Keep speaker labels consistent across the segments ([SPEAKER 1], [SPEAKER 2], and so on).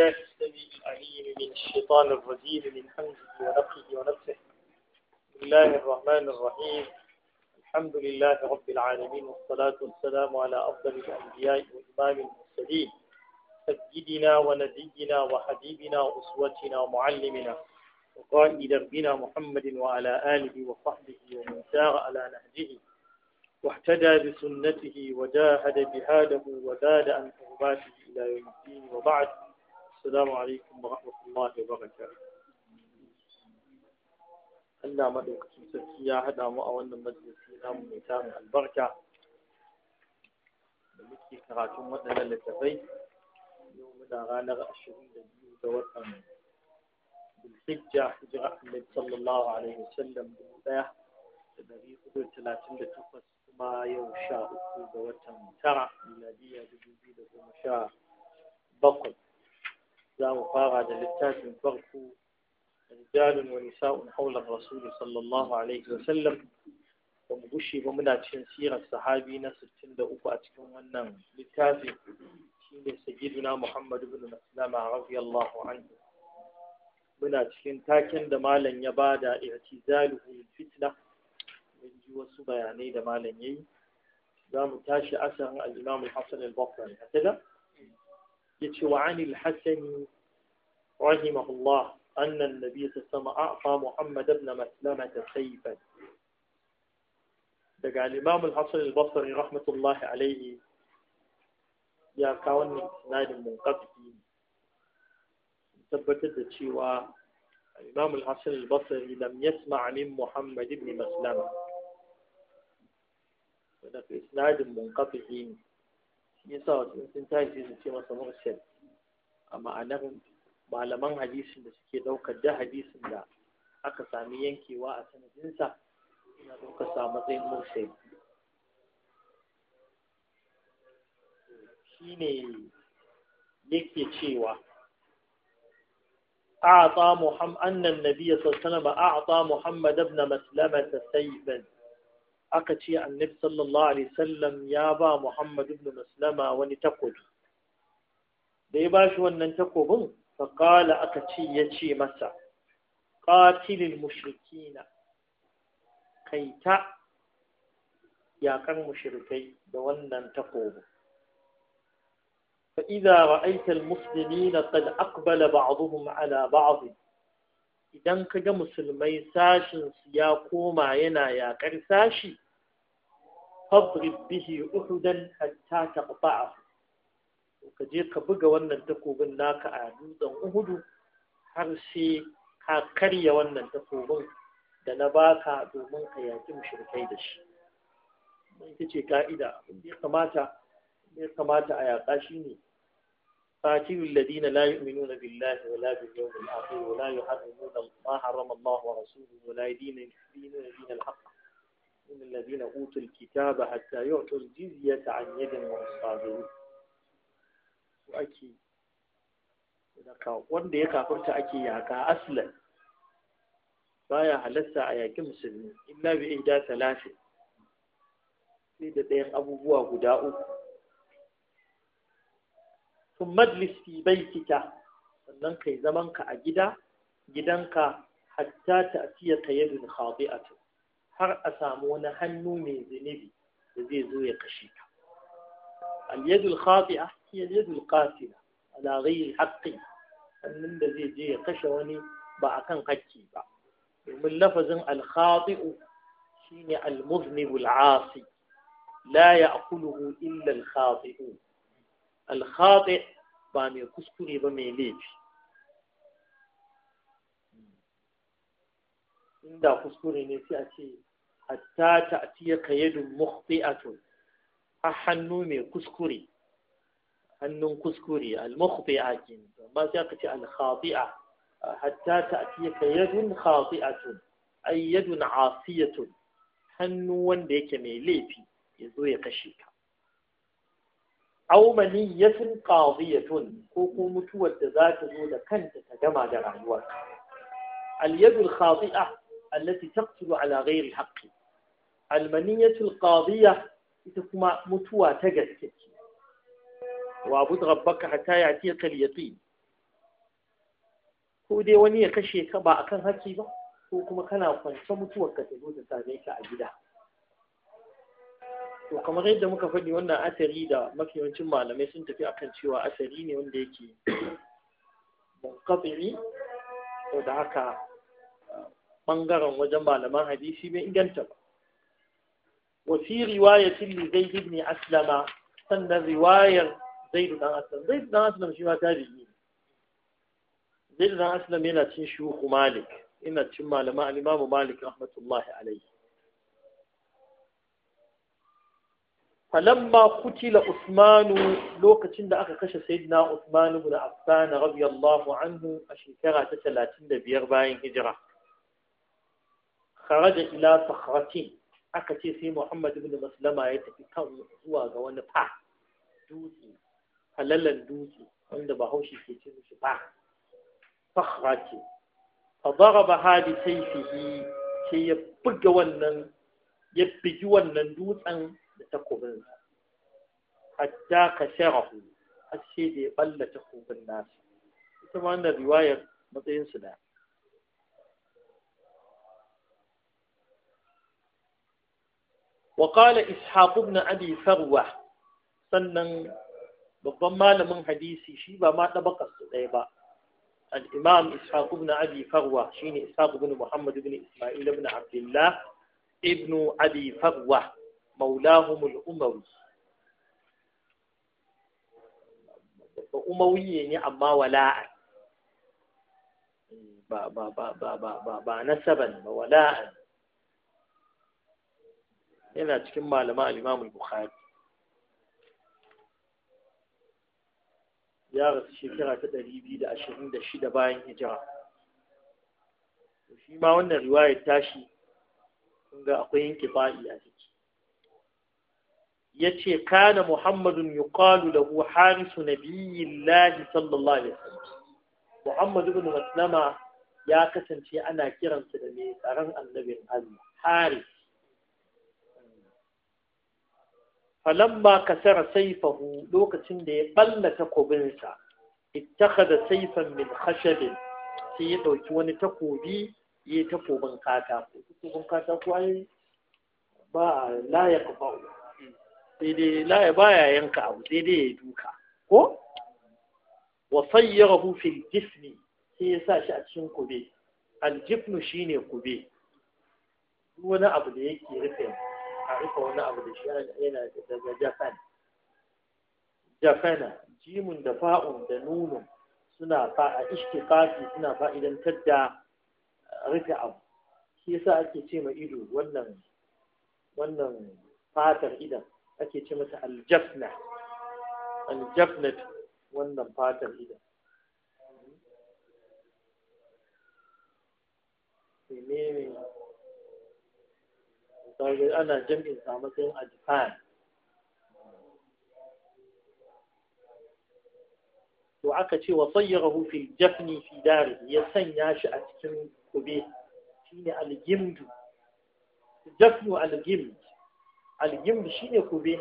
[SPEAKER 1] بالله السميع العليم من الشيطان الرجيم من حمزه ونفخه ونفسه بسم الله الرحمن الرحيم الحمد لله رب العالمين والصلاة والسلام على أفضل الأنبياء وإمام المرسلين سيدنا ونبينا وحبيبنا وأسوتنا ومعلمنا وقائد ربنا محمد وعلى آله وصحبه ومن سار على نهجه واحتدى بسنته وجاهد بهاده وزاد عن حرماته إلى يوم الدين وبعد السلام عليكم ورحمة الله وبركاته أنا مدوك تمسكي يا حدا مؤون المجلس نام ميتام البركة نمكي كراتو مدنا لتفي يوم دارانا غأشرين لديو دوتنا بالحجة حجر أحمد صلى الله عليه وسلم بالله تبري خدو تلاتين لتفس ما يوشا أكو دوتنا ترى ميلادية بجوزي لهم شاء بقل za mu fara da littafin farko rijalun wa nisa'un haular rasul sallallahu alaihi wa sallam ba mu gushe ba muna cikin sirar sahabi na 63 a cikin wannan littafi shine sayyiduna muhammad ibn maslama radiyallahu anhu muna cikin taken da malam ya bada i'tizaluhu fitna mun wasu bayanai da malam yayi za mu tashi asarin al-imam al-hasan al-basri يتي وعن الحسن رحمه الله أن النبي صلى الله عليه وسلم أعطى محمد بن مسلمة سيفا دقى الإمام الحسن البصري رحمة الله عليه يا كون إسناد قبل ثبتت شيوا الإمام الحسن البصري لم يسمع من محمد بن مسلمة ولكن إسناد منقطع shi yasa wasu sun tashi su ce masa mursal a ma'anar malaman hadisin da suke ɗaukar da hadisin da aka sami yankewa a sanadinsa suna ɗaukar sa matsayin mursal shine yake cewa أعطى محمد أن النبي صلى الله عليه وسلم أعطى محمد بن مسلمة سيفا aka ce annabi sallallahu alaihi sallam ya ba Muhammad ibn Maslama wani takobi da ya ba shi wannan takobin faƙala aka ce ya ce masa ƙatilin mushrikina kai ta yaƙar mushrikai da wannan takobin Fa'iza, رأيت musulmina, قد akbala بعضهم ala ba'adu. idan ka ga musulmai sashin su ya koma yana yaƙar sashi fabrik bihi uhudan hatta taqta'ahu ka je ka buga wannan takobin naka a dutsen uhudu har sai ka karya wannan takobin da na baka domin ka yaƙi mushrikai da shi ita ce ka'ida abin ya kamata a yaƙa shi ne قاتلوا الذين لا يؤمنون بالله ولا باليوم الآخر ولا يحرمون ما حرم الله ورسوله ولا يدينون دين الحق من الذين أوتوا الكتاب حتى يعطوا الجزية عن يد وهم صاغرون وأكي wanda ya kafirta ake yaka aslan baya halatta a yaƙi musulmi illa bi ihda talatin sai da ɗayan abubuwa guda uku sun majlis baitika sannan kai zamanka a gida gidanka hatta ta asiya ka yadun khadi'atu har a samu wani hannu mai zunubi da zai zo ya kashe ka al-yadul khadi'a hiya yadul qatila ala ghayri sannan da zai je ya kashe wani ba a kan hakki ba domin lafazin al shine almuzni muznibul 'asi la ya'kuluhu illa al alkhati ba mai kuskure ba mai laifi inda kuskure ne sai a ce hatta ta atiya ka yadun mukhti'atun a hannu mai kuskure hannun kuskure al-mukhti'a kin Ba sai aka ce al-khati'a hatta ta atiya ka yadun khati'atun ay yadun asiyatun hannu wanda yake mai laifi ya zo ya kashe ka أو منية قاضية كوكو متوى الدزاك زود كنت تجمع جرعيوك اليد الخاطئة التي تقتل على غير الحق المنية القاضية تكما متوى تجسك وابد غبك حتى يعتيق اليقين ko dai wani ya kashe ka ba akan haƙƙi ba ko kuma kana kwance mutuwar ka to kamar yadda muka faɗi wannan asari da mafi yawancin malamai sun tafi akan cewa asari ne wanda yake munqati to da haka ɓangaren wajen malaman hadisi bai inganta ba wasi fi tilli zai zaid aslama sannan riwayar zaid dan aslam zaid dan aslam shi ma tabi'i zaid dan aslam yana cin shuhu malik ina cin malama al'imamu malik rahmatullahi alaihi falamma kutila usmanu lokacin da aka kashe sayyidina usman ibn affan radiyallahu anhu a shekara ta talatin da biyar bayan hijira kharaja ila sakhratin aka ce sai muhammad ibn maslama ya tafi kan zuwa ga wani fa dutse halallan dutse wanda bahaushe ke ce mishi fa fakhra ce fa daraba hadi sayfihi sai ya buga wannan ya bigi wannan dutsen da takobin hatta ka sharahu har sai da ya balla takobin nasu ita ma wannan riwayar matsayin su da وقال إسحاق بن babban malamin hadisi shi ba ma ɗabakar ɗaya ba al'imam ishaq ibn abi shine ishaq ibn muhammad ibn isma'il ibn abdullah ibn abi farwa maulahumul umawi ba umawiye ne amma wala'an ba ba ba ba ba ba ba nasaban ba wala'an yana cikin malama al-Imam bukhari ya rasu shekara ta ɗari biyu da ashirin da shida bayan hijira shi ma wannan riwayar tashi kun ga akwai yanke fa'i a ciki Ya ce kana muhammadun yuqalu lahu harisu nabiyillahi sallallahu alaihi wasallam muhammad ibn ya kasance ana kiransa da mai tsaron annabin Allah haris falamma kasara saifahu lokacin da ya balla takobinsa ittakhadha saifan min khashabin sai ya dauki wani takobi ya takobin katako takobin katako ai ba la yaqba'u sai dai la baya yanka abu sai dai ya duka ko wa sayyarahu fil jismi sai ya sa shi a cikin kube aljifnu shine kube wani abu da yake rufe a rufe wani abu da shi yana daga jafan jafana jimun da fa'un da nunun suna fa'a ishtiqaqi suna fa'idantar da rufe abu shi yasa ake ce ma ido wannan wannan fatar idan ake ce mata aljafna aljafnat wannan fatar idan menene kaga ana jami'in sa matsayin ajfan to aka ce wa sayyarahu fi jafni fi dari ya sanya shi a cikin kube shine aljimdu jafnu aljimdu al shi ne kube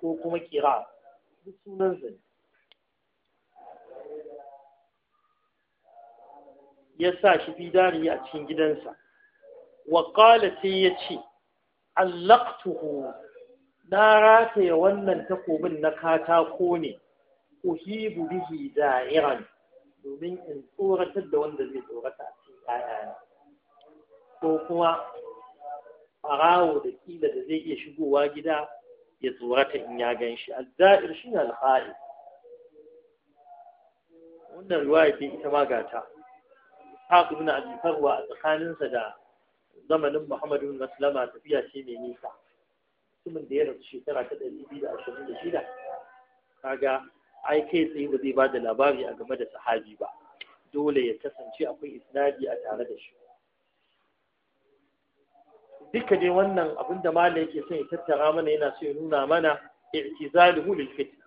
[SPEAKER 1] ko kuma kira duk sunan zane ya sa shi fi dari a cikin gidansa wa qala sai ya ce allaqtuhu na rataya wannan takobin na katako ne uhibu bihi da'iran domin in tsoratar da wanda zai tsorata a cikin ayana ko kuma farawo da kila da zai iya shigowa gida ya tsorata in ya gan shi zair shi ne alfa'i wannan riwaya ce ita ma gata haka ibn a farwa a tsakaninsa da zamanin muhammadu maslama tafiya ce mai nisa mutumin da ya rasu shekara ta ɗari biyu da ashirin da shida kaga ai kai tsaye ba zai ba da labari a game da sahabi ba dole ya kasance akwai isnadi a tare da shi duka dai wannan abin da malam yake son ya tattara mana yana so ya nuna mana i'tizaluhu lil fitna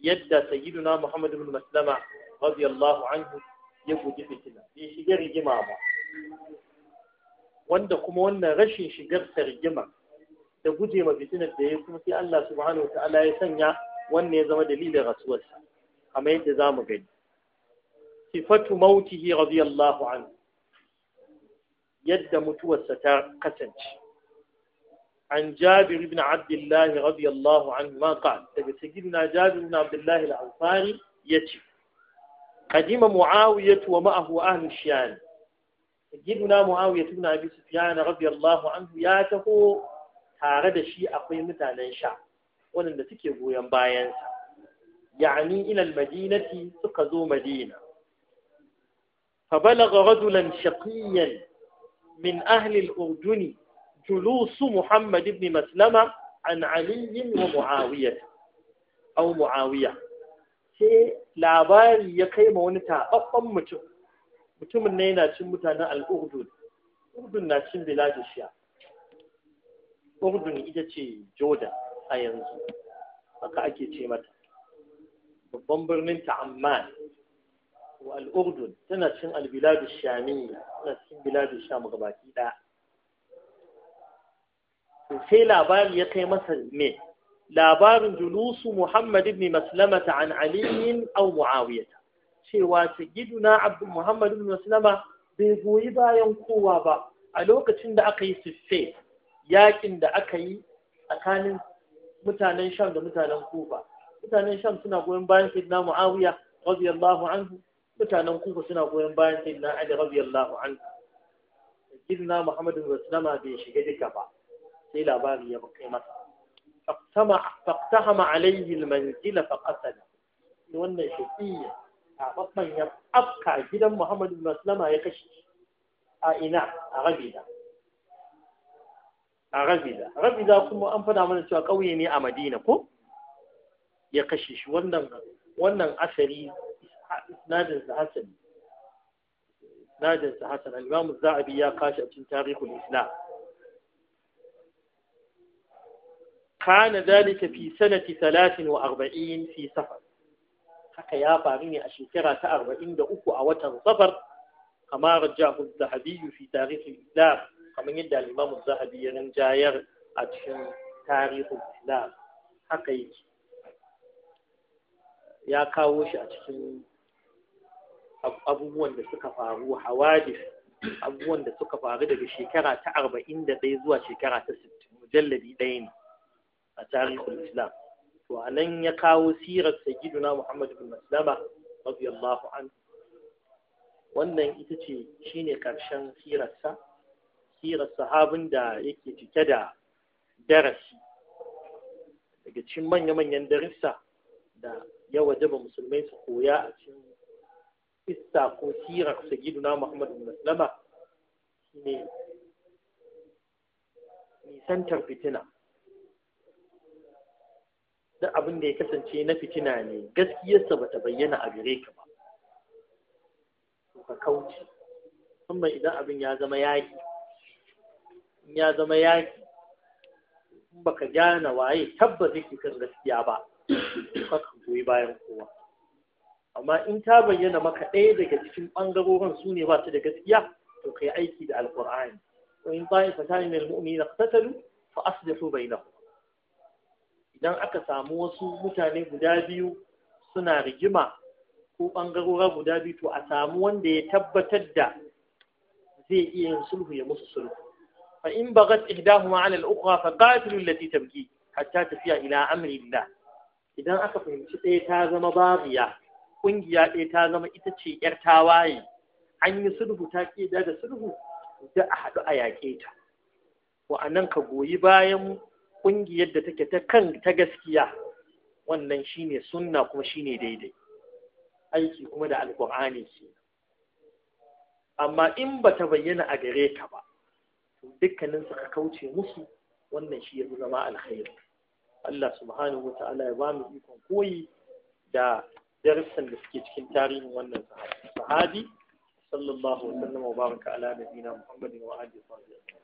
[SPEAKER 1] yadda sayyiduna Muhammad ibn Maslama radiyallahu anhu ya guji fitna. bai shiga rigima ba wanda kuma wannan rashin shigar sa rigima da guje ma fitinar da ya kuma sai Allah subhanahu ta'ala ya sanya wannan ya zama dalilin rasuwarsa kamar yadda za mu gani sifatu mautihi radiyallahu anhu yadda mutuwarsa ta kasance. An jabir ibn Abdullahi radiyallahu an maka daga sigir na jabir ibn Abdullahi al’amfani ya ce, Kadima Mu'awiyyat wa ma'ahu ahlu shiyan. Sigiruna Mu'awiyyat ibn Abi Sufyan radiyallahu ya taho tare da shi akwai mutanen sha waɗanda suke goyon bayansa. Ya'ani ila al-Madinati suka zo Madina. Fa balagha rajulan shaqiyan من أهل الأردن جلوس محمد Maslama an عن علي ومعاوية أو معاوية sai labari ya kai ma wani taɓaɓɓen mutum mutumin ne yana cin mutanen al'urdun urdun na cin bilajin shiya urdun ita ce joda a yanzu haka ake ce mata babban birnin ta amman والأردن تنسين البلاد الشامية تنسين بلاد الشام غباكي لا sai labari ya kai masa me labarin julusu Muhammad ibn Maslamata an aliyin aw Muawiya cewa sayyiduna Abdul Muhammad ibn Maslama bai goyi bayan kowa ba a lokacin da aka yi siffe yakin da aka yi tsakanin mutanen Sham da mutanen Kufa mutanen Sham suna goyon bayan sayyidina Muawiya radiyallahu anhu mutanen kuka suna goyon bayan sayyidina ali radiyallahu anhu sayyidina muhammadu rasulama bai shiga duka ba sai labari ya kai masa faktahama alaihi almanzila faqatala wannan shafiya a babban ya afka gidan muhammadu rasulama ya kashe a ina a rabida a rabida rabida kuma an fada mana cewa ƙauye ne a madina ko ya kashe shi wannan wannan asari إسناد الحسن إسناد الحسن الإمام الذهبي يا قاشع تاريخ الإسلام كان ذلك في سنة ثلاث وأربعين في سفر حكى يا فاريني أشكرة أربعين دأكو أوتا سفر كما رجعه الذهبي في تاريخ الإسلام كما يدى الإمام الذهبي ينجاير أتشن تاريخ الإسلام حكى يا كاوش أتشن abubuwan da suka faru hawadis abubuwan da suka faru daga shekara ta arba'in da ɗaya zuwa shekara ta sittin mujalladi ɗaya ne a tarihul islam to a nan ya kawo sirar sayyiduna muhammad bin maslama radiyallahu an wannan ita ce shine karshen sirarsa sirar sahabin da yake cike da darasi daga cikin manya-manyan darussa da ya wajaba musulmai su koya a cikin kissa ko sirar na Muhammad bin Muslima ne nisantar fitina da abin da ya kasance na fitina ne gaskiyarsa bata bayyana a gare ka ba ka kauce musamman idan abin ya zama yaki ya zama yaki baka gane waye tabbas yake kan gaskiya ba ka goyi bayan kowa amma in ta bayyana maka ɗaya daga cikin ɓangarorin su ne ba su da gaskiya to kai aiki da alƙur'ani wa in ta'ifatan min almu'minina qatatalu fa aslihu bainahum idan aka samu wasu mutane guda biyu suna rigima ko ɓangarorin guda biyu to a samu wanda ya tabbatar da zai iya yin sulhu ya musu sulhu fa in bagat ihdahuma ala al-ukhra fa qatilu allati tabki hatta tafiya ila amri Allah idan aka fahimci ɗaya ta zama babiya ƙungiya ɗaya ta zama ita ce ‘yar tawaye an yi sulhu ta ƙida da sulhu da a haɗu a yaƙe ta wa'annan ka goyi bayan ƙungiyar da take ta kan ta gaskiya wannan shine sunna kuma shine daidai aiki kuma da alƙur'ani ce amma in ba ta bayyana a gare ka ba dukkanin ka kauce musu wannan shi ya zama alkhairi Allah subhanahu wa ta'ala ya ba mu ikon koyi da darussan da suke cikin tarihin wannan sahabi sallallahu alaihi wa sallam wa baraka ala nabiyina muhammadin wa alihi wa sahbihi